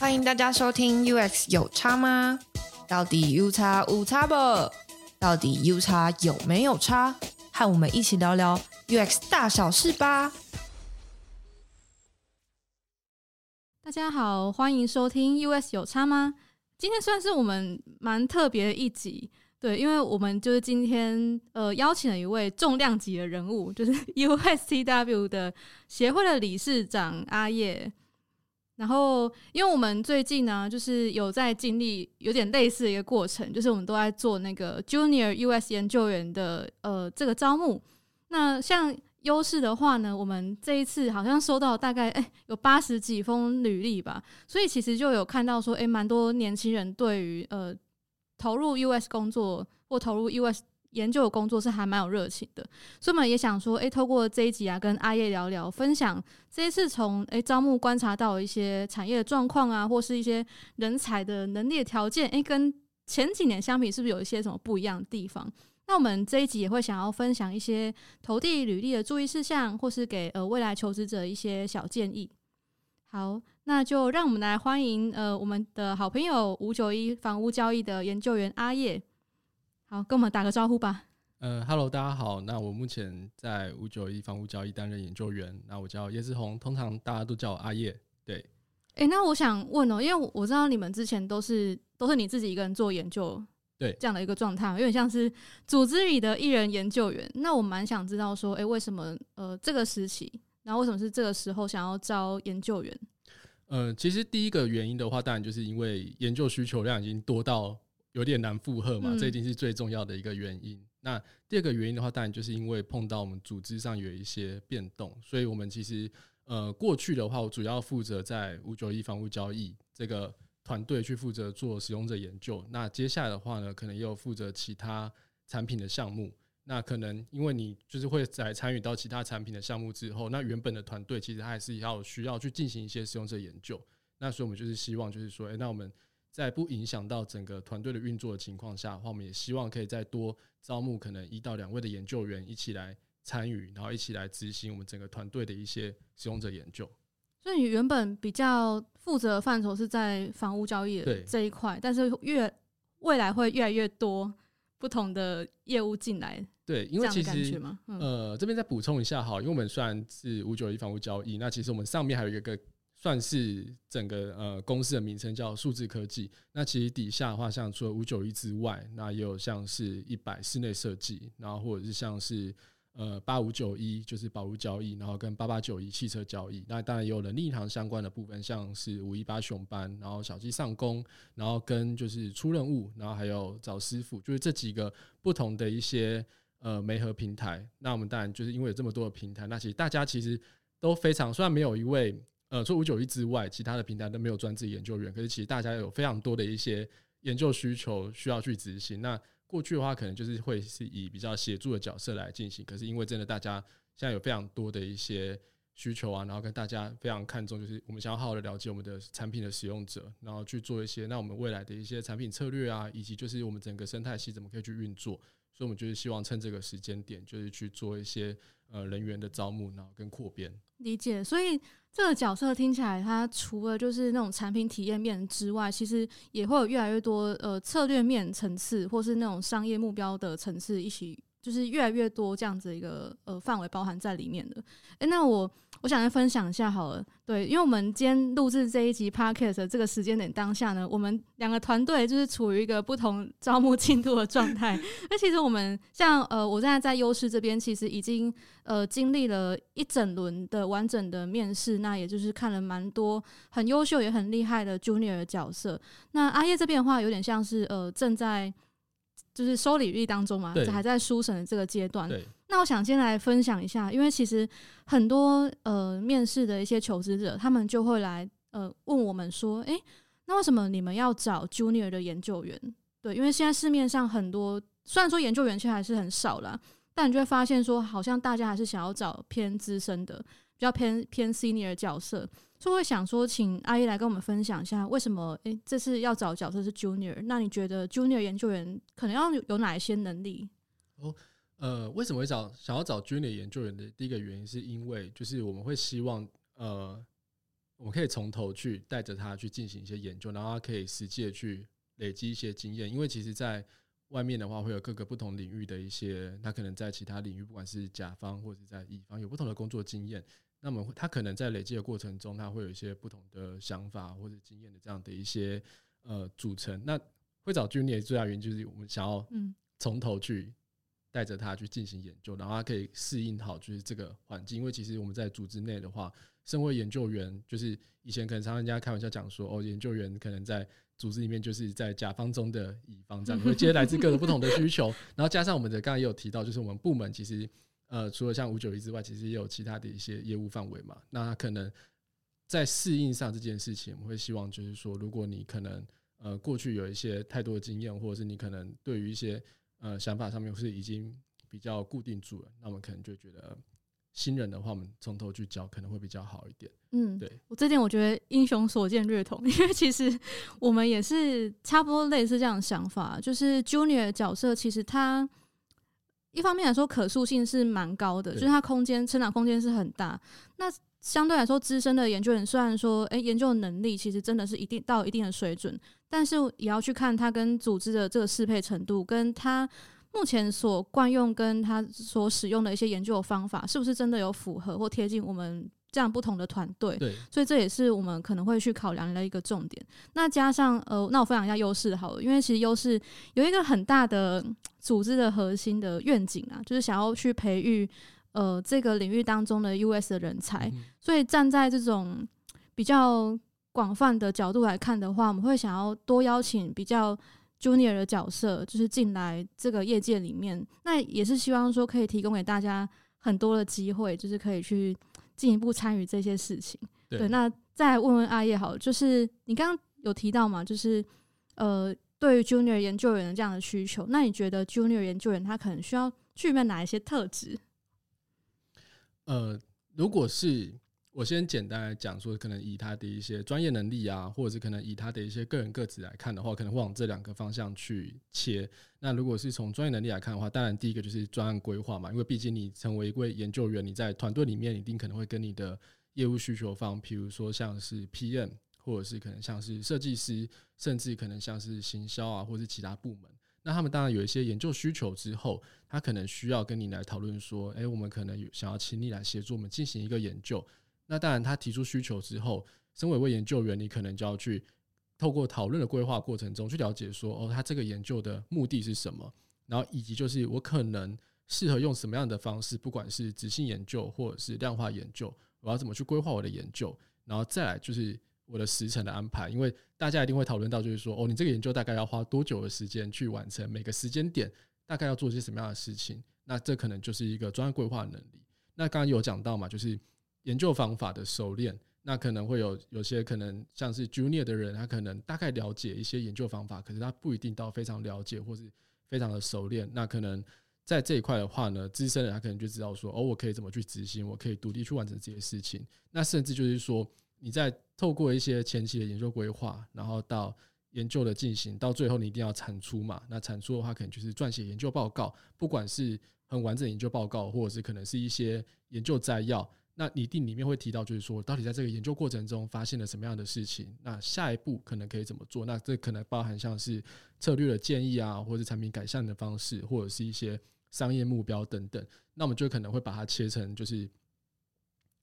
歡迎大家收聽《UX 有差嗎？到底 UX 有差不？到底 UX 有沒有差？和我們一起聊聊 UX 大小事吧。大家好，歡迎收聽《UX 有差嗎？》今天算是我們蠻特別的一集，對，因為我們就是今天呃邀請了一位重量級的人物，就是 UXTW 的協會的理事長阿葉。然後，因為我們最近呢、啊，就是有在經歷有點類似的一個過程，就是我們都在做那個 Junior UX 研究員的呃這個招募。那像悠識的話呢，我們這一次好像收到大概誒有八十幾封履歷吧，所以其實就有看到說，誒蠻多年輕人對於呃投入 UX 工作或投入 UX。研究的工作是還蠻有熱情的，所以我們也想說，誒、欸，透過這一集啊，跟阿葉聊聊，分享這一次從誒、欸，招募觀察到一些產業的狀況啊，或是一些人才的能力的條件，誒、欸，跟前幾年相比，是不是有一些什麼不一樣的地方？那我們這一集也會想要分享一些投遞履歷的注意事項，或是給呃未來求職者一些小建議。好，那就讓我們來歡迎呃我們的好朋友五九一房屋交易的研究員阿葉。好，跟我們打個招呼吧。呃，Hello，大家好。那我目前在五九一房屋交易擔任研究員。那我叫葉致宏，通常大家都叫我阿葉。對。哎、欸，那我想問哦、喔，因為我知道你們之前都是都是你自己一個人做研究，對這樣的一個狀態，有點像是組織裡的一人研究員。那我蠻想知道說，哎、欸，為什麼呃這個時期，然後為什麼是這個時候想要招研究員？呃，其實第一個原因的話，當然就是因為研究需求量已經多到，有點難負荷嘛，這一定是最重要的一個原因。嗯、那第二個原因的話，當然就是因為碰到我們組織上有一些變動，所以我們其實呃過去的話，我主要負責在五九一房屋交易這個團隊去負責做使用者研究。那接下來的話呢，可能也有負責其他產品的項目。那可能因為你就是會在參與到其他產品的項目之後，那原本的團隊其實還是要需要去進行一些使用者研究。那所以，我們就是希望就是說，哎、欸，那我們。在不影響到整個團隊的運作的情況下的話，我們也希望可以再多招募可能一到兩位的研究員一起來參與，然後一起來執行我們整個團隊的一些使用者研究。所以你原本比較負責的範疇是在房屋交易的這一塊，但是越未來會越來越多不同的業務進來。對，因為其實這樣感覺、嗯、呃這邊再補充一下哈，因為我們雖然是五九一房屋交易，那其實我們上面還有一個。算是整個呃公司的名稱叫數字科技。那其實底下的話，像除了五九一之外，那也有像是一百室內設計，然後或者是像是呃八五九一就是寶物交易，然後跟八八九一汽車交易。那當然也有人力銀行相關的部分，像是五一八熊班，然後小雞上工，然後跟就是出任務，然後還有找師傅，就是這幾個不同的一些呃媒合平台。那我們當然就是因為有這麼多的平台，那其實大家其實都非常，雖然沒有一位。呃，除591之外，其他的平台都沒有專職研究員。可是其實大家有非常多的一些研究需求需要去執行。那過去的話，可能就是會是以比較協助的角色來進行。可是因為真的大家現在有非常多的一些需求啊，然後跟大家非常看重，就是我們想要好好的了解我們的產品的使用者，然後去做一些。那我們未來的一些產品策略啊，以及就是我們整個生態系怎麼可以去運作。所以我們就是希望趁這個時間點，就是去做一些呃人員的招募，然後跟擴編。理解，所以。這個角色聽起來，它除了就是那種產品體驗面之外，其實也會有越來越多呃策略面層次，或是那種商業目標的層次一起，就是越來越多這樣子一個呃範圍包含在裡面的。欸，那我。我想來分享一下好了，對，因為我們今天錄製這一集 podcast 的這個時間點當下呢，我們兩個團隊就是處於一個不同招募進度的狀態。那 其實我們像呃，我現在在悠識這邊，其實已經呃經歷了一整輪的完整的面試，那也就是看了蠻多很優秀也很厲害的 junior 的角色。那阿葉這邊的話，有點像是呃正在，就是收履歷當中嘛，還在書審的這個階段。那我想先來分享一下，因為其實很多呃面試的一些求職者，他們就會來呃問我們說，誒、欸，那為什麼你們要找 junior 的研究員？對，因為現在市面上很多，雖然說研究員其實還是很少啦，但你就會發現說，好像大家還是想要找偏資深的，比較偏偏 senior 角色。就會想說，請阿葉來跟我們分享一下，為什麼誒、欸，這次要找的角色是 Junior？那你覺得 Junior 研究員可能要有哪一些能力？哦，呃，為什麼會找想要找 Junior 研究員的？第一個原因是因為，就是我們會希望呃，我們可以從頭去帶着他去進行一些研究，然後他可以實際的去累積一些經驗。因為其實，在外面的話，會有各個不同領域的一些，他可能在其他領域，不管是甲方或者在乙方，有不同的工作經驗。那麼他可能在累積的過程中，他會有一些不同的想法或者經驗的這樣的一些呃組成。那會找 junior 最大原因就是我們想要從頭去帶着他去進行研究，然後他可以適應好就是這個環境。因為其實我們在組織內的話，身為研究員，就是以前可能常常人家開玩笑講說，哦，研究員可能在組織裡面就是在甲方中的乙方這樣，會接來自各種不同的需求。然後加上我們的剛剛也有提到，就是我們部門其實。呃，除了像五九一之外，其實也有其他的一些業務範圍嘛。那他可能在適應上這件事情，我們會希望就是說，如果你可能呃過去有一些太多的經驗，或者是你可能對於一些呃想法上面是已經比較固定住了，那我們可能就覺得新人的話，我們從頭去教可能會比較好一點。嗯，對我這點我覺得英雄所見略同，因為其實我們也是差不多類似這樣的想法，就是 Junior 的角色其實他。一方面來說，可塑性是蠻高的，就是它空間成長空間是很大。那相對來說，資深的研究員雖然說，哎、欸，研究的能力其實真的是一定到一定的水準，但是也要去看它跟組織的這個適配程度，跟它目前所慣用跟它所使用的一些研究方法，是不是真的有符合或貼近我們。這樣不同的團隊，對，所以這也是我們可能會去考量的一個重點。那加上呃，那我分享一下悠識好了，因為其實悠識有一個很大的組織的核心的願景啊，就是想要去培育呃這個領域當中的 UX 的人才，嗯。所以站在這種比較廣泛的角度來看的話，我們會想要多邀請比較 Junior 的角色，就是進來這個業界裡面。那也是希望說可以提供給大家很多的機會，就是可以去。進一步參與這些事情，對。那再問問阿葉好了，就是你剛剛有提到嘛，就是呃，對於 Junior 研究員這樣的需求，那你覺得 Junior 研究員他可能需要具備哪一些特質？呃，如果是。我先簡單來講，說可能以他的一些專業能力啊，或者是可能以他的一些個人個子來看的話，可能會往這兩個方向去切。那如果是從專業能力來看的話，當然第一個就是專案規劃嘛，因為畢竟你成為一位研究員，你在團隊裡面一定可能會跟你的業務需求方，譬如說像是 PM，或者是可能像是設計師，甚至可能像是行銷啊，或是其他部門，那他們當然有一些研究需求之後，他可能需要跟你來討論說，哎、欸，我們可能想要請你來協助我們進行一個研究。那當然，他提出需求之後，身為一位研究員，你可能就要去透過討論的規劃過程中去了解說，哦，他這個研究的目的是什麼，然後以及就是我可能適合用什麼樣的方式，不管是質性研究或者是量化研究，我要怎麼去規劃我的研究，然後再來就是我的時程的安排，因為大家一定會討論到就是說，哦，你這個研究大概要花多久的時間去完成，每個時間點大概要做些什麼樣的事情，那這可能就是一個專業規劃的能力。那剛剛有講到嘛，就是。研究方法的熟練，那可能會有有些可能像是 junior 的人，他可能大概了解一些研究方法，可是他不一定到非常了解或是非常的熟練。那可能在這一塊的話呢，資深的人他可能就知道說，哦，我可以怎麼去執行，我可以獨立去完成這些事情。那甚至就是說，你再透過一些前期的研究規劃，然後到研究的進行，到最後你一定要產出嘛。那產出的話，可能就是撰寫研究報告，不管是很完整的研究報告，或者是可能是一些研究摘要。那你定裡面會提到，就是說到底在這個研究過程中發現了什麼樣的事情？那下一步可能可以怎麼做？那這可能包含像是策略的建議啊，或者是產品改善的方式，或者是一些商業目標等等。那我們就可能會把它切成就是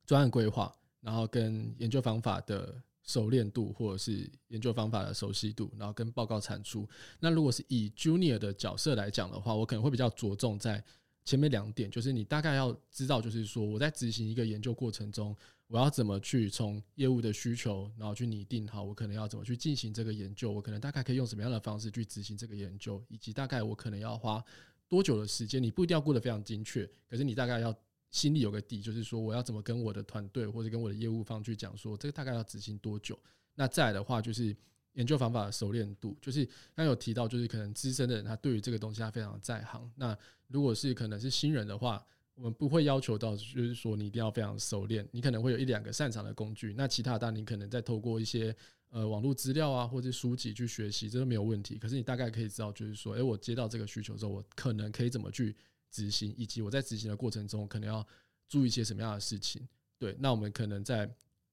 專案規劃，然後跟研究方法的熟練度，或者是研究方法的熟悉度，然後跟報告產出。那如果是以 junior 的角色來講的話，我可能會比較着重在。前面兩點就是你大概要知道，就是說我在執行一個研究過程中，我要怎麼去從業務的需求，然後去擬定好我可能要怎麼去進行這個研究，我可能大概可以用什麼樣的方式去執行這個研究，以及大概我可能要花多久的時間。你不一定要過得非常精確，可是你大概要心裡有個底，就是說我要怎麼跟我的團隊或者跟我的業務方去講說這個大概要執行多久。那再來的話就是。研究方法的熟練度，就是剛有提到，就是可能資深的人，他對於這個東西他非常的在行。那如果是可能是新人的話，我們不會要求到，就是說你一定要非常熟練。你可能會有一兩個擅長的工具，那其他，當然你可能在透過一些呃網絡資料啊，或者書籍去學習，這都沒有問題。可是你大概可以知道，就是說，誒、欸，我接到這個需求之後，我可能可以怎麼去執行，以及我在執行的過程中可能要注意一些什麼樣的事情。對，那我們可能在。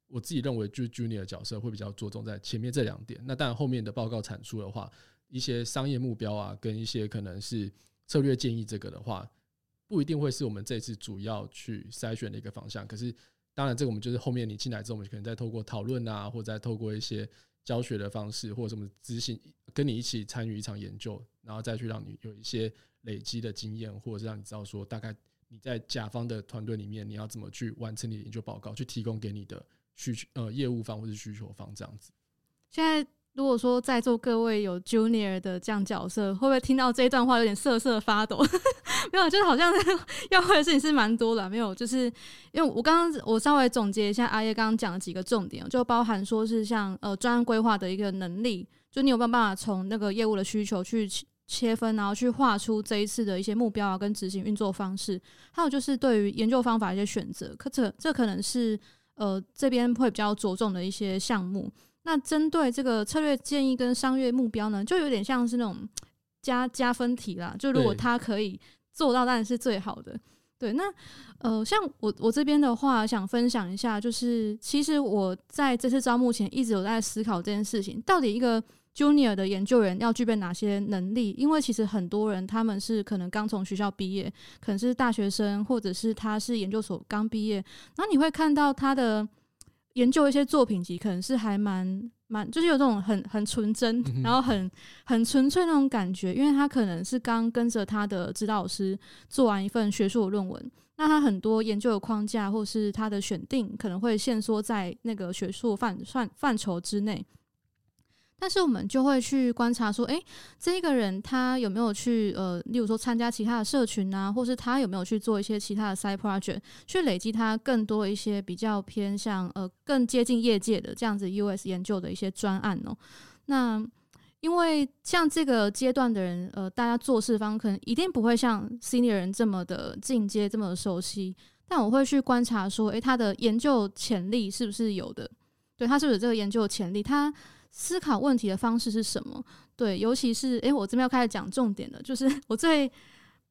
我自己認為，就 Junior 的角色會比較着重在前面這兩點。那當然，後面的報告產出的話，一些商業目標啊，跟一些可能是策略建議，這個的話，不一定會是我們這次主要去篩選的一個方向。可是，當然，這個我們就是後面你進來之後，我們可能再透過討論啊，或者再透過一些教學的方式，或者什麼諮詢，跟你一起參與一場研究，然後再去讓你有一些累積的經驗，或者是讓你知道說，大概你在甲方的團隊裡面，你要怎麼去完成你的研究報告，去提供給你的。需求，呃，業務方或者需求方這樣子。現在如果說在座各位有 junior 的這樣角色，會不會聽到這一段話有點瑟瑟發抖？ 沒有，就是好像要做的事情是蠻多的。沒有，就是因為我剛剛我稍微總結一下，阿葉剛剛講了幾個重點，就包含說是像呃專案規劃的一個能力，就你有沒有辦法從那個業務的需求去切分，然後去畫出這一次的一些目標啊，跟執行運作方式，還有就是對於研究方法的一些選擇。可這這可能是。呃，這邊會比較着重的一些項目。那針對這個策略建議跟商業目標呢，就有點像是那種加加分題啦。就如果他可以做到，當然是最好的。對，對，那，呃，像我我這邊的話，想分享一下，就是其實我在這次招募前一直有在思考這件事情，到底一個。Junior 的研究員要具備哪些能力？因為其實很多人他們是可能剛從學校畢業，可能是大學生，或者是他是研究所剛畢業。然後你會看到他的研究一些作品集，可能是還蠻蠻，就是有這種很很純真，然後很很純粹那種感覺。因為他可能是剛跟着他的指導師做完一份學術論文，那他很多研究的框架或是他的選定，可能會限縮在那個學術範範範疇之內。但是我們就會去觀察說，誒、欸，這個人他有沒有去呃，例如說參加其他的社群啊，或是他有沒有去做一些其他的 side project，去累積他更多一些比較偏向呃更接近業界的這樣子 UX 研究的一些專案哦、喔。那因為像這個階段的人，呃，大家做事方可能一定不會像 Senior 人這麼的進階這麼的熟悉，但我會去觀察說，誒、欸，他的研究潛力是不是有的？對，他是不是有這個研究潛力？他。思考問題的方式是什麼？對，尤其是誒、欸，我這邊要開始講重點了，就是我最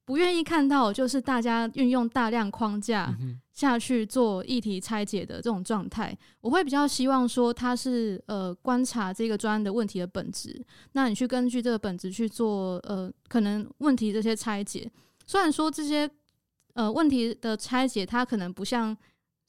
不願意看到就是大家運用大量框架下去做議題拆解的這種狀態，嗯。我會比較希望說，他是呃觀察這個專案的問題的本質，那你去根據這個本質去做呃可能問題這些拆解。雖然說這些呃問題的拆解，它可能不像，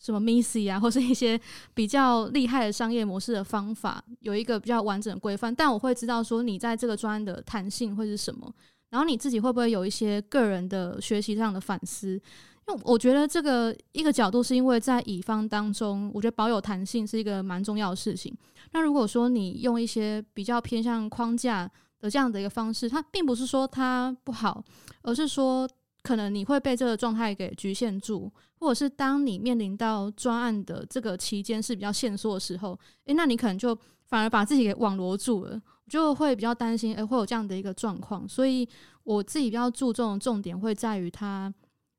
什麼 MECE 啊，或是一些比較厲害的商業模式的方法，有一個比較完整的規範。但我會知道說你在這個專案的彈性會是什麼，然後你自己會不會有一些個人的學習上的反思？因為我覺得這個一個角度是因為在乙方當中，我覺得保有彈性是一個蠻重要的事情。那如果說你用一些比較偏向框架的這樣的一個方式，它並不是說它不好，而是說可能你會被這個狀態給局限住。如果是當你面臨到專案的這個期間是比較限縮的時候，誒、欸，那你可能就反而把自己給網羅住了，就會比較擔心，哎、欸，會有這樣的一個狀況。所以我自己比較注重重點會在於他，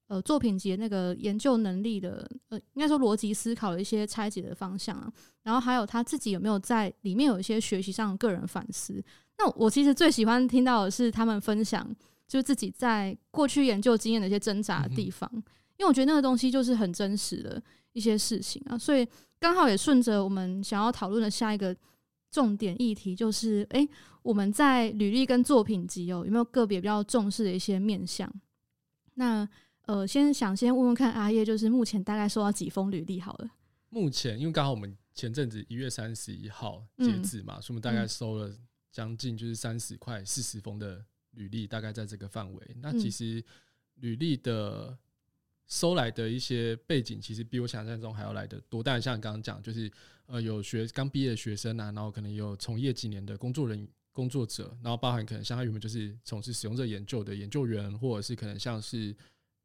呃，作品集那個研究能力的，呃，應該說邏輯思考的一些拆解的方向啊，然後還有他自己有沒有在裡面有一些學習上的個人反思。那我其實最喜歡聽到的是他們分享，就是自己在過去研究經驗的一些掙扎的地方。嗯因為我覺得那個東西就是很真實的一些事情啊，所以剛好也順着我們想要討論的下一個重點議題，就是哎、欸，我們在履歷跟作品集哦，有沒有個別比較重視的一些面向？那呃，先想先問問看阿葉，就是目前大概收到幾封履歷好了？目前因為剛好我們前陣子一月三十一號截止嘛、嗯，所以我們大概收了將近就是三十塊四十封的履歷，大概在這個範圍。那其實履歷的。收來的一些背景，其實比我想象中還要來得多。但像你剛剛講，就是呃，有學剛畢業的學生啊，然後可能有從業幾年的工作人工作者，然後包含可能像他原本就是從事使用者研究的研究員，或者是可能像是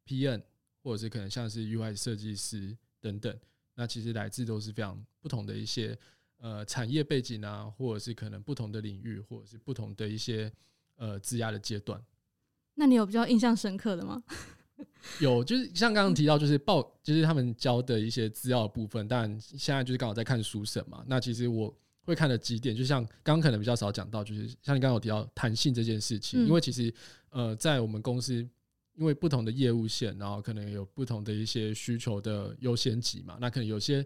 PM，或者是可能像是 UI 設計師等等。那其實來自都是非常不同的一些呃產業背景啊，或者是可能不同的領域，或者是不同的一些呃質押的階段。那你有比較印象深刻的嗎？有，就是像剛剛提到，就是報，就是他們交的一些資料的部分。但現在就是剛好在看書審嘛。那其實我會看了幾點，就像剛剛可能比較少講到，就是像你剛剛有提到彈性這件事情。嗯、因為其實，呃，在我們公司，因為不同的業務線，然後可能有不同的一些需求的優先級嘛。那可能有些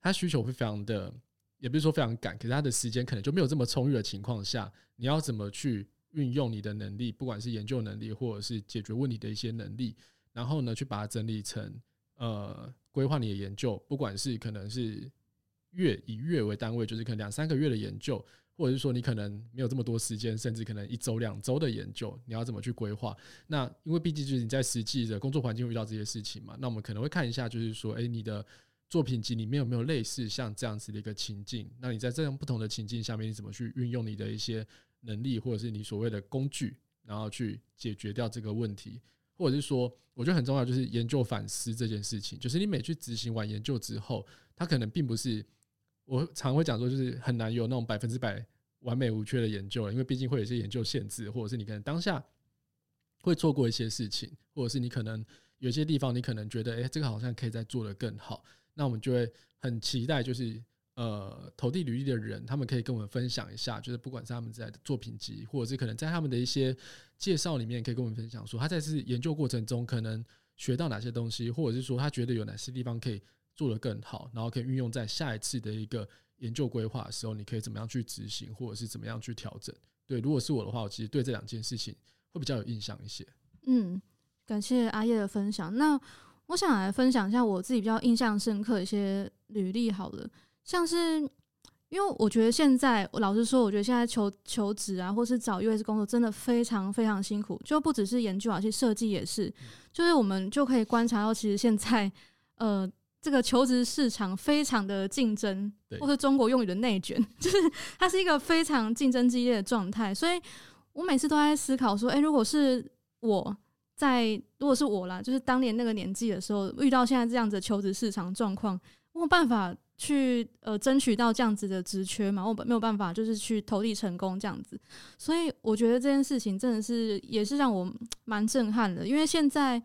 他需求會非常的，也不是說非常趕，可是他的時間可能就沒有這麼充裕的情況下，你要怎麼去？運用你的能力，不管是研究能力或者是解決問題的一些能力，然後呢，去把它整理成呃規劃你的研究，不管是可能是月以月為單位，就是可能兩三個月的研究，或者是說你可能沒有這麼多時間，甚至可能一周兩周的研究，你要怎麼去規劃？那因為畢竟就是你在實際的工作環境會遇到這些事情嘛，那我們可能會看一下，就是說，誒，你的作品集裡面有沒有類似像這樣子的一個情境？那你在這樣不同的情境下面，你怎麼去運用你的一些？能力，或者是你所謂的工具，然後去解決掉這個問題，或者是說，我覺得很重要，就是研究反思這件事情。就是你每去執行完研究之後，它可能並不是我常會講說，就是很難有那種百分之百完美無缺的研究了，因為畢竟會有一些研究限制，或者是你可能當下會錯過一些事情，或者是你可能有些地方你可能覺得，誒、欸，這個好像可以再做得更好。那我們就會很期待，就是。呃，投遞履歷的人，他們可以跟我們分享一下，就是不管是他們在作品集，或者是可能在他們的一些介紹裡面，可以跟我們分享說他在研究過程中可能學到哪些東西，或者是說他覺得有哪些地方可以做得更好，然後可以運用在下一次的一個研究規劃的時候，你可以怎麼樣去執行，或者是怎麼樣去調整。對，如果是我的話，我其實對這兩件事情會比較有印象一些。嗯，感謝阿葉的分享。那我想來分享一下我自己比較印象深刻一些履歷，好了。像是因為我覺得現在，老實說，我覺得現在求求職啊，或是找 UX 工作，真的非常非常辛苦，就不只是研究，啊，而且設計也是。嗯、就是我們就可以觀察到，其實現在呃，這個求職市場非常的競爭，或者中國用語的內卷，就是它是一個非常競爭激烈的狀態。所以我每次都在思考說，哎、欸，如果是我在，如果是我啦，就是當年那個年紀的時候，遇到現在這樣子的求職市場狀況，我有辦法。去呃，爭取到這樣子的職缺嘛，我沒有辦法就是去投遞成功這樣子，所以我覺得這件事情真的是也是讓我蠻震撼的，因為現在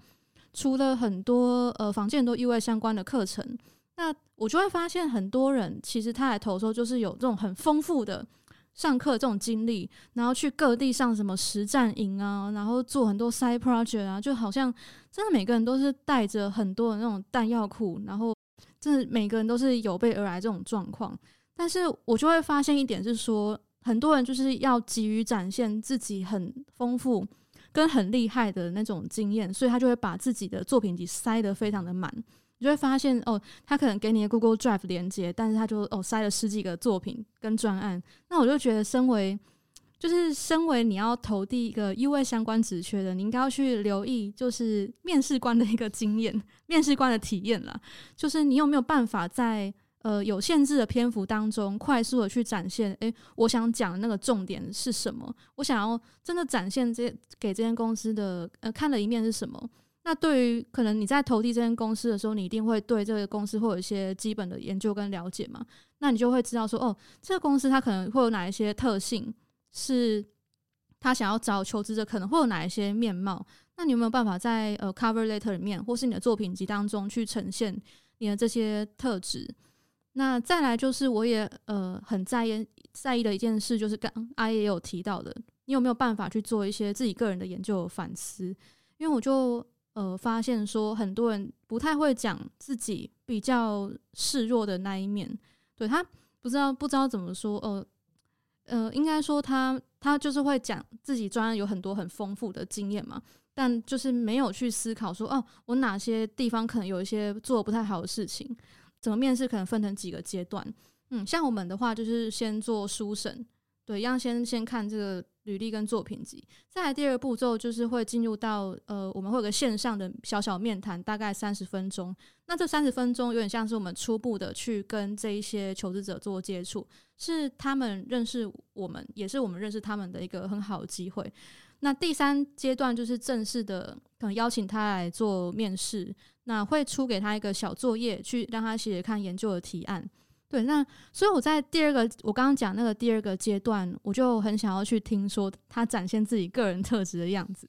除了很多呃坊間都意外相關的課程，那我就會發現很多人其實他來投的時候就是有這種很豐富的上課這種經歷，然後去各地上什麼實戰營啊，然後做很多 side project 啊，就好像真的每個人都是帶着很多的那種彈藥庫，然後。真的每個人都是有備而來這種狀況，但是我就會發現一點是說，很多人就是要急於展現自己很豐富跟很厲害的那種經驗，所以他就會把自己的作品集塞得非常的滿。你就會發現哦，他可能給你的 Google Drive 連結，但是他就哦塞了十幾個作品跟專案。那我就覺得，身為就是身為你要投遞一個 UI 相關職缺的，你應該要去留意，就是面試官的一個經驗、面試官的體驗啦，就是你有沒有辦法在呃有限制的篇幅當中，快速的去展現，哎、欸，我想講的那個重點是什麼？我想要真的展現這給這間公司的呃看的一面是什麼？那對於可能你在投遞這間公司的時候，你一定會對這個公司會有一些基本的研究跟了解嘛？那你就會知道說，哦，這個公司它可能會有哪一些特性？是，他想要找求職者可能會有哪一些面貌？那你有沒有辦法在呃 cover letter 裡面，或是你的作品集當中去呈現你的這些特質？那再來就是，我也呃很在意在意的一件事，就是剛阿葉也有提到的，你有沒有辦法去做一些自己個人的研究反思？因為我就呃發現說，很多人不太會講自己比較示弱的那一面，對，他不知道不知道怎麼說哦。呃呃，應該說他他就是會講自己專案有很多很豐富的經驗嘛，但就是沒有去思考說，哦，我哪些地方可能有一些做得不太好的事情。怎麼面試可能分成幾個階段，嗯，像我們的話就是先做書審，對，要先先看這個。履歷跟作品集，再來第二個步驟就是會進入到呃，我們會有個線上的小小面談，大概三十分鐘。那這三十分鐘有點像是我們初步的去跟這一些求職者做接觸，是他們認識我們，也是我們認識他們的一個很好的機會。那第三階段就是正式的，可能邀請他來做面試，那會出給他一個小作業，去讓他寫寫看研究的提案。對，那所以我在第二個，我剛剛講那個第二個階段，我就很想要去聽說他展現自己個人特質的樣子。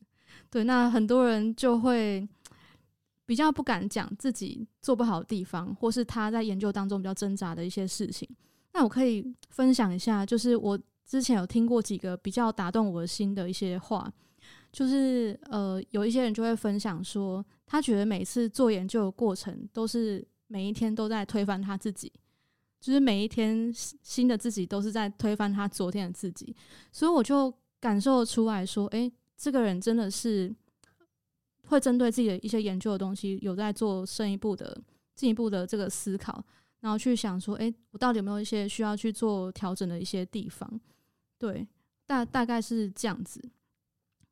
對，那很多人就會比較不敢講自己做不好的地方，或是他在研究當中比較掙扎的一些事情。那我可以分享一下，就是我之前有聽過幾個比較打動我的心的一些話，就是呃，有一些人就會分享說，他覺得每次做研究的過程，都是每一天都在推翻他自己。就是每一天新的自己都是在推翻他昨天的自己，所以我就感受出來說：“欸，這個人真的是會針對自己的一些研究的東西，有在做深一步的進一步的這個思考，然後去想說：欸，我到底有沒有一些需要去做調整的一些地方？對，大大概是這樣子。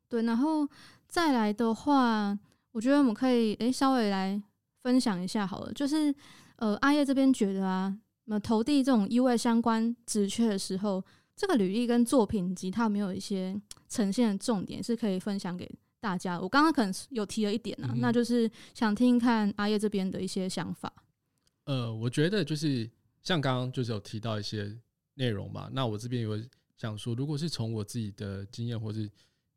對，然後再來的話，我覺得我們可以欸，稍微來分享一下好了，就是呃阿葉這邊覺得啊。”那麼投遞這種 UX 相關職缺的時候，這個履歷跟作品集它有沒有一些呈現的重點是可以分享給大家？我剛剛可能有提了一點啊，嗯嗯，那就是想聽一看阿葉這邊的一些想法。呃，我覺得就是像剛剛就是有提到一些內容吧，那我這邊有想說，如果是從我自己的經驗或是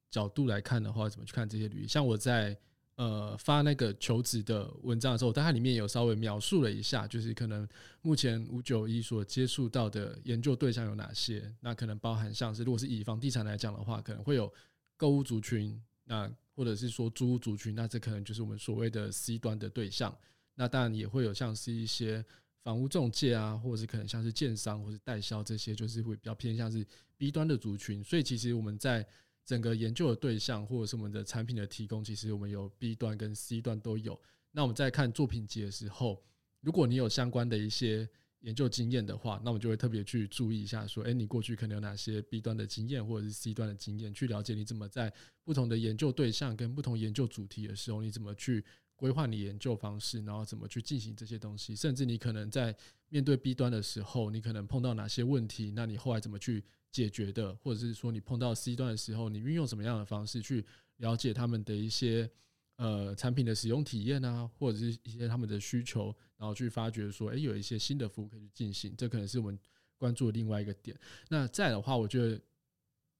角度來看的話，怎麼去看這些履歷？像我在。呃，發那個求職的文章的時候，在它裡面有稍微描述了一下，就是可能目前591所接觸到的研究對象有哪些？那可能包含像是，如果是以房地產來講的話，可能會有購物族群，那或者是說租屋族群，那這可能就是我們所謂的 C 端的對象。那當然也會有像是一些房屋仲介啊，或者是可能像是建商或是代銷這些，就是會比較偏向是 B 端的族群。所以其實我們在。整個研究的對象，或者是我們的產品的提供，其實我們有 B 端跟 C 端都有。那我們在看作品集的時候，如果你有相關的一些研究經驗的話，那我們就會特別去注意一下，說：誒，你過去可能有哪些 B 端的經驗或者是 C 端的經驗？去了解你怎麼在不同的研究對象跟不同研究主題的時候，你怎麼去規劃你研究方式，然後怎麼去進行這些東西。甚至你可能在面對 B 端的時候，你可能碰到哪些問題？那你後來怎麼去？解決的，或者是說你碰到 C 端的時候，你運用什麼樣的方式去了解他們的一些呃產品的使用體驗啊，或者是一些他們的需求，然後去發掘說，誒、欸，有一些新的服務可以去進行，這可能是我們關注的另外一個點。那再的話，我覺得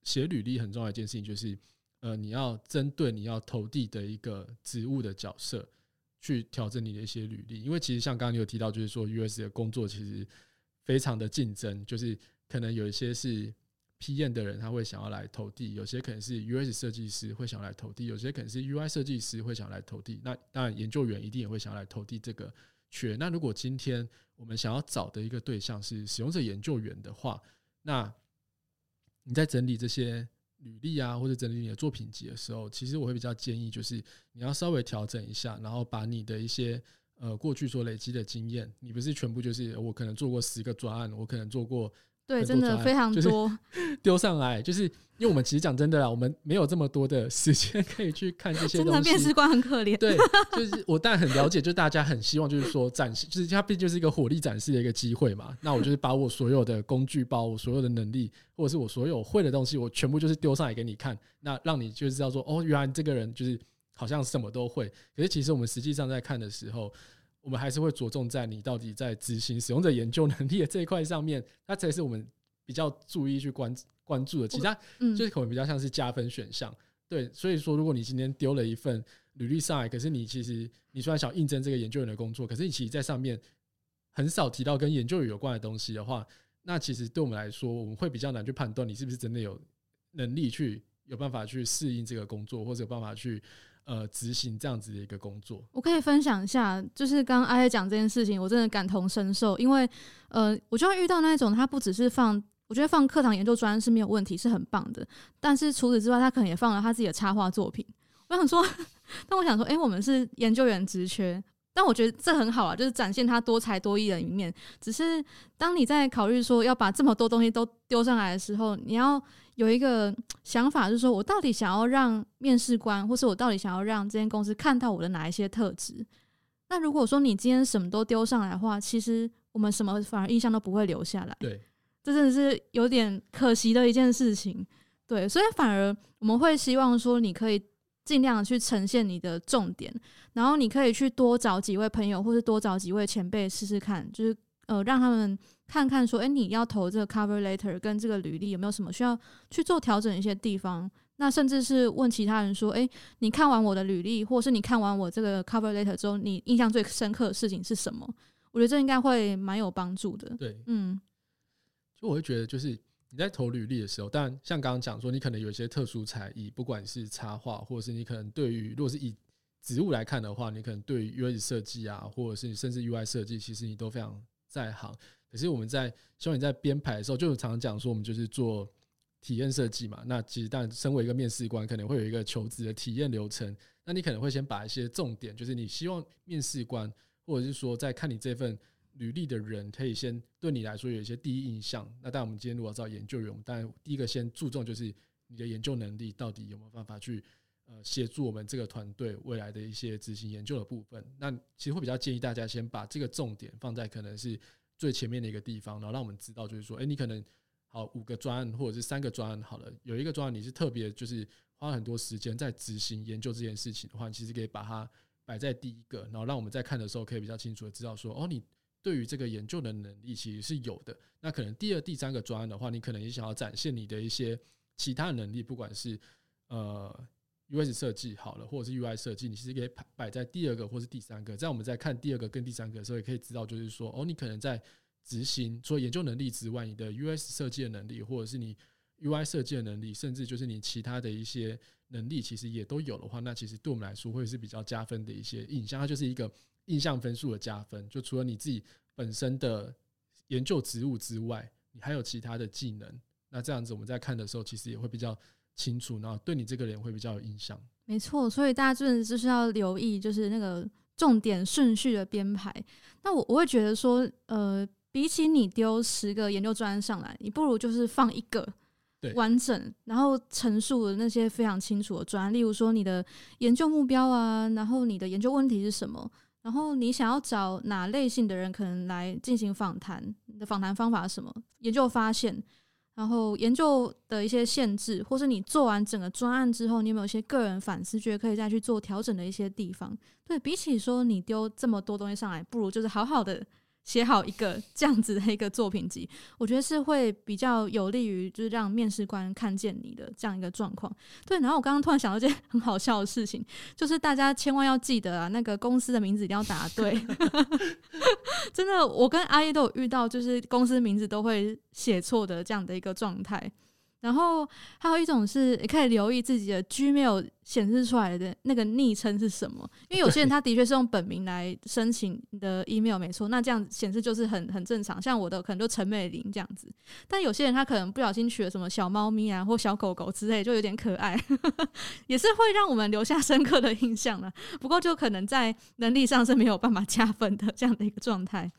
寫履歷很重要的一件事情就是，呃，你要針對你要投遞的一個職務的角色去調整你的一些履歷，因為其實像剛剛你有提到，就是說 UX 的工作其實非常的競爭，就是可能有一些是。體驗的人他會想要來投遞，有些可能是 UX 設計師會想來投遞，有些可能是 UI 設計師會想來投遞。那當然，研究員一定也會想要來投遞這個缺。那如果今天我們想要找的一個對象是使用者研究員的話，那你在整理這些履歷啊，或者整理你的作品集的時候，其實我會比較建議就是你要稍微調整一下，然後把你的一些呃過去所累積的經驗，你不是全部就是我可能做過十個專案，我可能做過。對，真的非常多，丟上來，就是因為我們其實講真的啦，我們沒有這麼多的時間可以去看這些東西。真的面試官很可憐，對，就是我當然很了解， 就大家很希望就是說展示，就是它畢竟是一個火力展示的一個機會嘛。那我就是把我所有的工具包、我所有的能力，或者是我所有會的東西，我全部就是丟上來給你看，那讓你就知道說，哦，原來這個人就是好像什麼都會。可是其實我們實際上在看的時候。我們還是會着重在你到底在執行使用者研究能力的這一塊上面，那才是我們比較注意去關關注的。其他、嗯、就是可能比較像是加分選項，對。所以說，如果你今天丟了一份履歷上來，可是你其實你雖然想應徵這個研究員的工作，可是你其實在上面很少提到跟研究員有關的東西的話，那其實對我們來說，我們會比較難去判斷你是不是真的有能力去有辦法去適應這個工作，或者有辦法去。呃，執行這樣子的一個工作，我可以分享一下，就是剛剛阿葉講這件事情，我真的感同身受，因為呃，我就會遇到那種，他不只是放，我覺得放課堂研究專案是沒有問題，是很棒的，但是除此之外，他可能也放了他自己的插畫作品，我想說，但我想說，哎、欸，我們是研究員職缺，但我覺得這很好啊，就是展現他多才多藝的一面，只是當你在考慮說要把這麼多東西都丟上來的時候，你要。有一個想法，就是說我到底想要讓面試官，或是我到底想要讓這間公司看到我的哪一些特質？那如果說你今天什麼都丟上來的話，其實我們什麼反而印象都不會留下來。對，這真的是有點可惜的一件事情。對，所以反而我們會希望說，你可以盡量去呈現你的重點，然後你可以去多找幾位朋友，或者多找幾位前輩試試看，就是呃讓他們。看看說，哎、欸，你要投這個 cover letter 跟這個履歷有沒有什麼需要去做調整一些地方？那甚至是問其他人說，哎、欸，你看完我的履歷，或者是你看完我這個 cover letter 之後，你印象最深刻的事情是什麼？我覺得這應該會蠻有幫助的。對，嗯，就我會覺得，就是你在投履歷的時候，但像剛剛講說，你可能有一些特殊才藝，不管是插畫，或者是你可能對於，如果是以職務來看的話，你可能對於 UI 設計啊，或者是你甚至 UI 設計，其實你都非常在行。可是我們在希望你在編排的時候，就常常講說我們就是做體驗設計嘛。那其實當然，身為一個面試官，可能會有一個求職的體驗流程。那你可能會先把一些重點，就是你希望面試官或者是說在看你這份履歷的人，可以先對你來說有一些第一印象。那當然我們今天如果要找研究員，我們當然第一個先注重就是你的研究能力到底有沒有辦法去呃協助我們這個團隊未來的一些執行研究的部分。那其實會比較建議大家先把這個重點放在可能是。最前面的一個地方，然後讓我們知道，就是說，哎、欸，你可能好五個專案，或者是三個專案，好了，有一個專案你是特別，就是花很多時間在執行研究這件事情的話，其實可以把它擺在第一個，然後讓我們在看的時候可以比較清楚的知道說，說哦，你對於這個研究的能力其實是有的。那可能第二、第三個專案的話，你可能也想要展現你的一些其他能力，不管是呃。UX 設計好了，或者是 UI 設計，你其實可以擺擺在第二個或者是第三個。在我們在看第二個跟第三個的時候，也可以知道，就是說，哦，你可能在執行除了研究能力之外，你的 UX 設計的能力，或者是你 UI 設計的能力，甚至就是你其他的一些能力，其實也都有的話，那其實對我們來說會是比較加分的一些印象。它就是一個印象分數的加分。就除了你自己本身的研究職務之外，你還有其他的技能。那這樣子我們在看的時候，其實也會比較。清楚，然後對你這個人會比較有印象。沒錯，所以大家真的就是要留意，就是那個重點順序的編排。那我我會覺得說，呃，比起你丟十個研究專案上來，你不如就是放一個對完整，然後陳述的那些非常清楚的專案，例如說你的研究目標啊，然後你的研究問題是什麼，然後你想要找哪類型的人可能來進行訪談，你的訪談方法是什麼，研究發現。然後研究的一些限制，或是你做完整個專案之後，你有沒有一些個人反思，覺得可以再去做調整的一些地方？對，比起說你丟這麼多東西上來，不如就是好好的。寫好一個這樣子的一個作品集，我覺得是會比較有利於，就是讓面試官看見你的這樣一個狀況。對，然後我剛剛突然想到一件很好笑的事情，就是大家千萬要記得啊，那個公司的名字一定要答對。 真的，我跟阿葉都有遇到，就是公司名字都會寫錯的這樣的一個狀態。然後還有一種是，你可以留意自己的 Gmail 顯示出來的那個昵稱是什麼，因為有些人他的確是用本名來申請你的 email，沒錯，那這樣顯示就是很很正常。像我的可能就陳美玲這樣子，但有些人他可能不小心取了什麼小貓咪啊或小狗狗之類，就有點可愛， 也是會讓我們留下深刻的印象了。不過就可能在能力上是沒有辦法加分的這樣的一個狀態。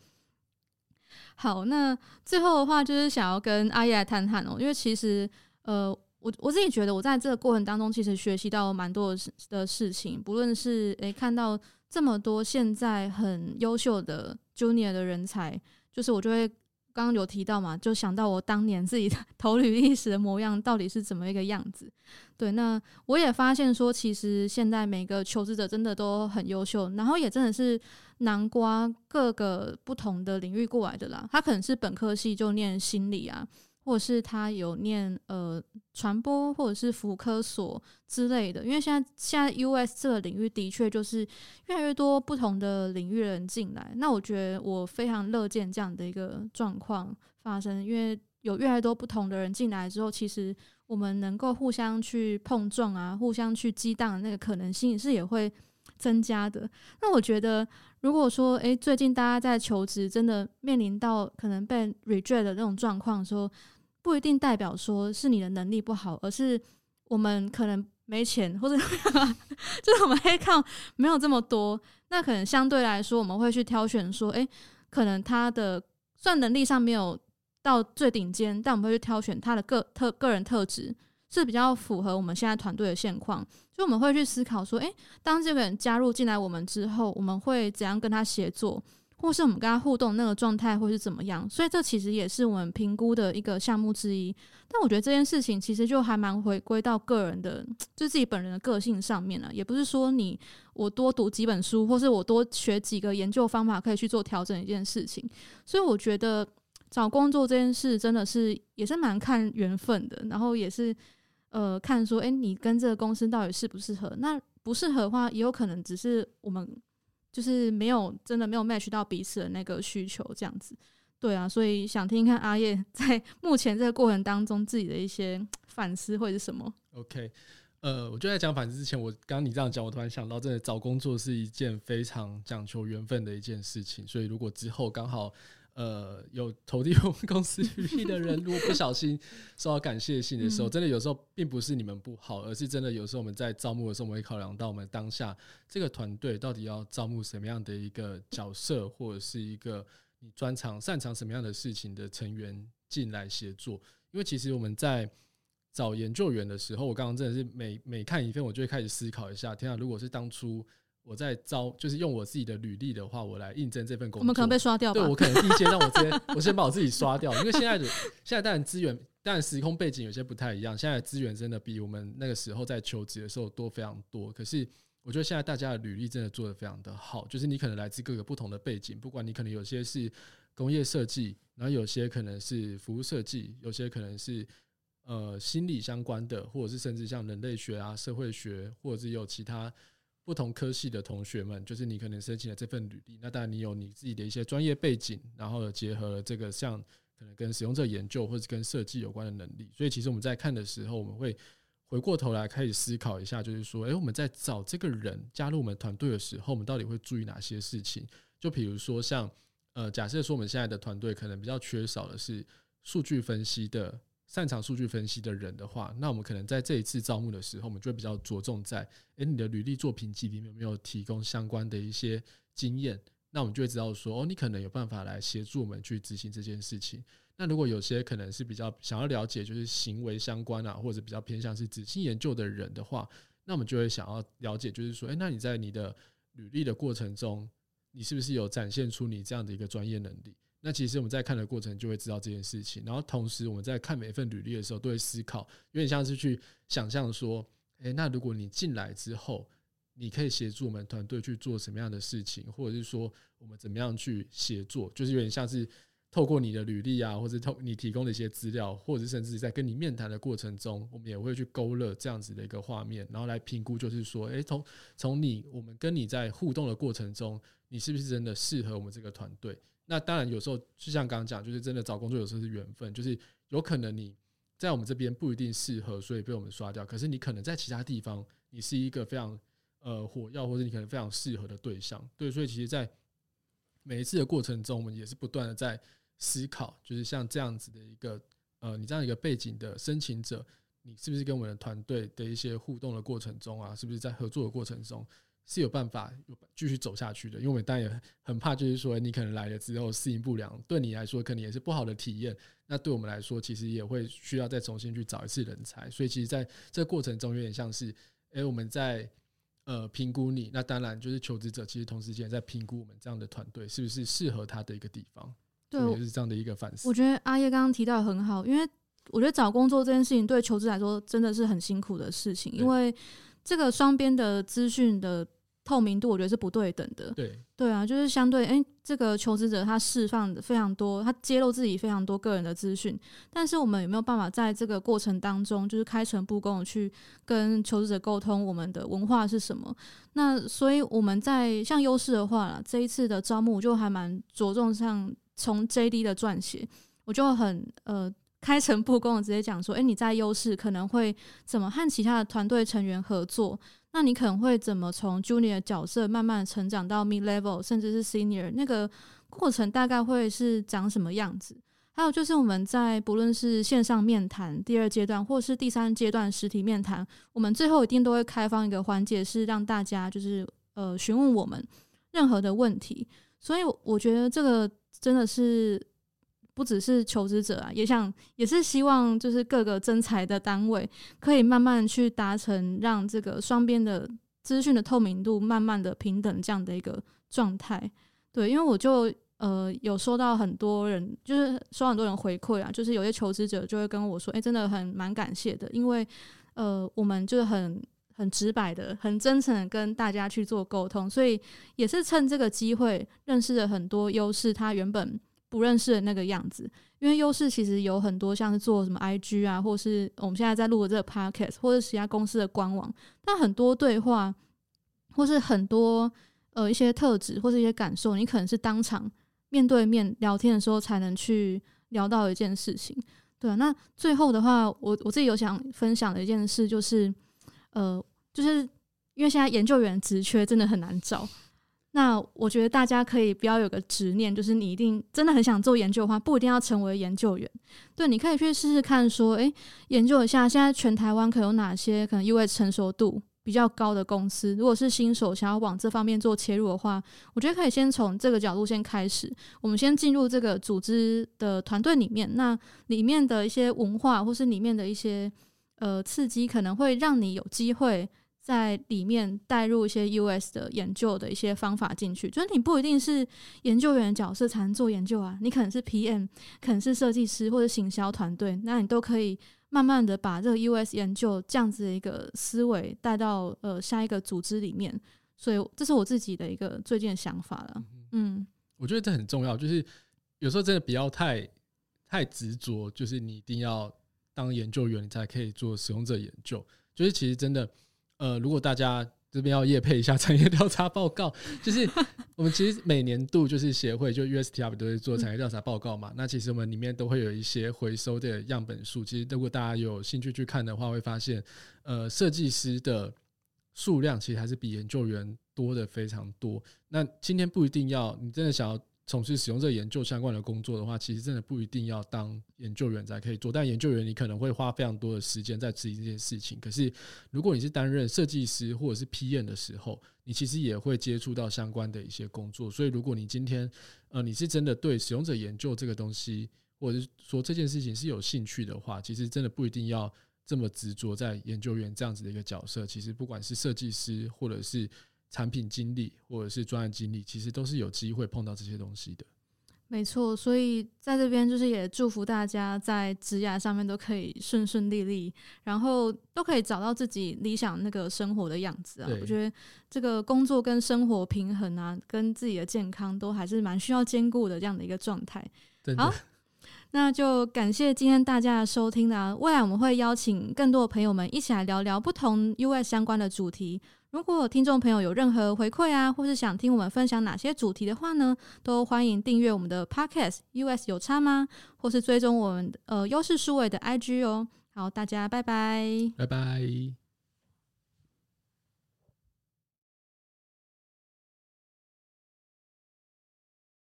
好，那最後的話就是想要跟阿葉來談談哦，因為其實，呃，我我自己覺得，我在這個過程當中，其實學習到蠻多的事的事情，不論是誒、欸、看到這麼多現在很優秀的 junior 的人才，就是我就會。剛剛有提到嘛，就想到我當年自己的投履歷時的模樣到底是怎麼一個樣子。對，那我也發現說，其實現在每個求職者真的都很優秀，然後也真的是南瓜各個不同的領域過來的啦。他可能是本科系就念心理啊。或者是他有念呃傳播，或者是服科所之類的，因為現在現在 UX 這個領域的確就是越來越多不同的領域的人進來。那我覺得我非常樂見這樣的一個狀況發生，因為有越來越多不同的人進來之後，其實我們能夠互相去碰撞啊，互相去激盪的那個可能性是也會增加的。那我覺得如果說哎、欸，最近大家在求職真的面臨到可能被 reject 的那種狀況的時候，不一定代表說是你的能力不好，而是我們可能沒錢，或者 就是我們 HC 沒有這麼多。那可能相對來說，我們會去挑選說，誒、欸，可能他的算能力上沒有到最頂尖，但我們會去挑選他的個特個人特質是比較符合我們現在團隊的現況。所以我們會去思考說，誒、欸，當這個人加入進來我們之後，我們會怎樣跟他協作？或是我們跟他互動那個狀態，或是怎麼樣，所以這其實也是我們評估的一個項目之一。但我覺得這件事情其實就還蠻回歸到個人的，就自己本人的個性上面了啊。也不是說你我多讀幾本書，或是我多學幾個研究方法可以去做調整一件事情。所以我覺得找工作這件事真的是也是蠻看緣分的，然後也是呃看說欸，誒你跟這個公司到底適不適合？那不適合的話，也有可能只是我們。就是沒有真的沒有 match 到彼此的那個需求，這樣子，對啊，所以想聽聽看阿葉在目前這個過程當中自己的一些反思會是什麼？OK，呃，我就在講反思之前，我剛剛你這樣講，我突然想到，真的找工作是一件非常講求緣分的一件事情，所以如果之後剛好。呃，有投遞我們公司履歷的人，如果不小心收到感謝信的時候， 真的有時候並不是你們不好，嗯、而是真的有時候我們在招募的時候，我們會考量到我們當下這個團隊到底要招募什麼樣的一個角色，或者是一個你專長擅長什麼樣的事情的成員進來協作。因為其實我們在找研究員的時候，我剛剛真的是每每看一份，我就會開始思考一下，天啊，如果是當初。我在招，就是用我自己的履歷的話，我來應徵這份工作。我們可能被刷掉吧？對，我可能一些讓我先， 我先把我自己刷掉，因為現在的現在當然資源，但時空背景有些不太一樣。現在資源真的比我們那個時候在求職的時候多非常多。可是我覺得現在大家的履歷真的做得非常的好，就是你可能來自各個不同的背景，不管你可能有些是工業設計，然後有些可能是服務設計，有些可能是呃心理相關的，或者是甚至像人類學啊、社會學，或者是有其他、不同科系的同學們，就是你可能申請了這份履歷，那當然你有你自己的一些專業背景，然後結合了這個像可能跟使用者研究或是跟設計有關的能力。所以其實我們在看的時候，我們會回過頭來開始思考一下，就是說，哎、欸，我們在找這個人加入我們團隊的時候，我們到底會注意哪些事情？就比如說像，呃，假設說我們現在的團隊可能比較缺少的是數據分析的。擅長數據分析的人的話，那我們可能在這一次招募的時候，我們就會比較着重在：欸，你的履歷作品集裡面有沒有提供相關的一些經驗，那我們就會知道說，哦，你可能有辦法來協助我們去執行這件事情。那如果有些可能是比較想要了解，就是行為相關啊，或者比較偏向是執行研究的人的話，那我們就會想要了解，就是說，欸，那你在你的履歷的過程中，你是不是有展現出你這樣的一個專業能力？那其實我們在看的過程就會知道這件事情，然後同時我們在看每一份履歷的時候都會思考，有點像是去想象說，誒，那如果你進來之後，你可以協助我們團隊去做什麼樣的事情，或者是說我們怎麼樣去協作，就是有點像是透過你的履歷啊，或者透你提供的一些資料，或者甚至在跟你面談的過程中，我們也會去勾勒這樣子的一個畫面，然後來評估，就是說，誒，從從你我們跟你在互動的過程中，你是不是真的適合我們這個團隊？那當然，有時候就像剛剛講，就是真的找工作有時候是緣分，就是有可能你在我們這邊不一定適合，所以被我們刷掉。可是你可能在其他地方，你是一個非常呃火藥，或者你可能非常適合的對象，對。所以其實，在每一次的過程中，我們也是不斷的在思考，就是像這樣子的一個呃，你這樣一個背景的申請者，你是不是跟我們的團隊的一些互動的過程中啊，是不是在合作的過程中。是有辦法有繼續走下去的，因為我們當然也很怕，就是說你可能來了之後適應不良，對你來說可能也是不好的體驗。那對我們來說，其實也會需要再重新去找一次人才。所以，其實在這個過程中，有點像是哎、欸，我們在呃評估你。那當然，就是求職者其實同時間在評估我們這樣的團隊是不是適合他的一個地方。對，也是這樣的一個反思。我覺得阿葉剛剛提到很好，因為我覺得找工作這件事情對求職來說真的是很辛苦的事情，因為這個雙邊的資訊的。透明度我覺得是不對等的。對，對對啊，就是相對，哎、欸，這個求職者他釋放的非常多，他揭露自己非常多個人的資訊，但是我們有沒有辦法在這個過程當中，就是開誠布公的去跟求職者溝通我們的文化是什麼？那所以我們在像悠識的話啦，這一次的招募就還蠻着重上從 JD 的撰寫，我就很呃。開誠布公的直接講說，誒、欸，你在悠識可能會怎麼和其他的團隊成員合作？那你可能會怎麼從 junior 角色慢慢成長到 mid level，甚至是 senior 那個過程大概會是長什麼樣子？還有就是我們在不論是線上面談第二階段，或是第三階段實體面談，我們最後一定都會開放一個環節，是讓大家就是呃詢問我們任何的問題。所以我,我覺得這個真的是。不只是求職者啊，也想也是希望，就是各個徵才的單位可以慢慢去達成，讓這個雙邊的資訊的透明度慢慢的平等這樣的一個狀態。對，因為我就呃有收到很多人，就是收到很多人回饋啊，就是有些求職者就會跟我說，哎、欸，真的很蠻感謝的，因為呃我們就是很很直白的、很真誠的跟大家去做溝通，所以也是趁這個機會認識了很多優勢，他原本。不認識的那個樣子，因為悠識其實有很多，像是做什麼 IG 啊，或是我們現在在錄的這個 Podcast，或者其他公司的官網。但很多對話，或是很多呃一些特質，或是一些感受，你可能是當場面對面聊天的時候才能去聊到一件事情。對啊，那最後的話，我我自己有想分享的一件事，就是呃，就是因為現在研究員職缺真的很難找。那我覺得大家可以不要有個執念，就是你一定真的很想做研究的話，不一定要成為研究員。對，你可以去試試看，說，哎、欸，研究一下現在全台灣可有哪些可能 UX 成熟度比較高的公司。如果是新手想要往這方面做切入的話，我覺得可以先從這個角度先開始。我們先進入這個組織的團隊裡面，那裡面的一些文化或是裡面的一些呃刺激，可能會讓你有機會。在裡面帶入一些 UX 的研究的一些方法進去，就是你不一定是研究員的角色才能做研究啊，你可能是 PM，可能是設計師或者行銷團隊，那你都可以慢慢的把這個 UX 研究這樣子的一個思維帶到呃下一個組織裡面，所以這是我自己的一個最近的想法了，嗯。嗯，我覺得這很重要，就是有時候真的不要太太執着，就是你一定要當研究員你才可以做使用者研究，就是其實真的。呃，如果大家這邊要業配一下產業調查報告，就是我們其實每年度就是協會就 UXTW 都會做產業調查報告嘛。那其實我們裡面都會有一些回收的樣本數。其實如果大家有興趣去看的話，會發現呃設計師的數量其實還是比研究員多得非常多。那今天不一定要，你真的想要從事使用者研究相關的工作的話，其實真的不一定要當研究員才可以做。但研究員你可能會花非常多的時間在做這件事情。可是如果你是擔任設計師或者是 PM 的時候，你其實也會接觸到相關的一些工作。所以如果你今天呃你是真的對使用者研究這個東西，或者是說這件事情是有興趣的話，其實真的不一定要這麼執着在研究員這樣子的一個角色。其實不管是設計師或者是。產品經歷或者是專案經歷，其實都是有機會碰到這些東西的。沒錯，所以在這邊就是也祝福大家在職涯上面都可以順順利利，然後都可以找到自己理想那個生活的樣子啊。我覺得這個工作跟生活平衡啊，跟自己的健康都還是蠻需要兼顧的這樣的一個狀態。對，好，那就感謝今天大家的收聽啦、啊。未來我們會邀請更多的朋友們一起來聊聊不同 UX 相關的主題。如果聽眾朋友有任何回饋啊，或是想聽我們分享哪些主題的話呢，都歡迎訂閱我們的 Podcast US 有差嗎？或是追蹤我們呃悠識數位的 IG 哦。好，大家拜拜，拜拜。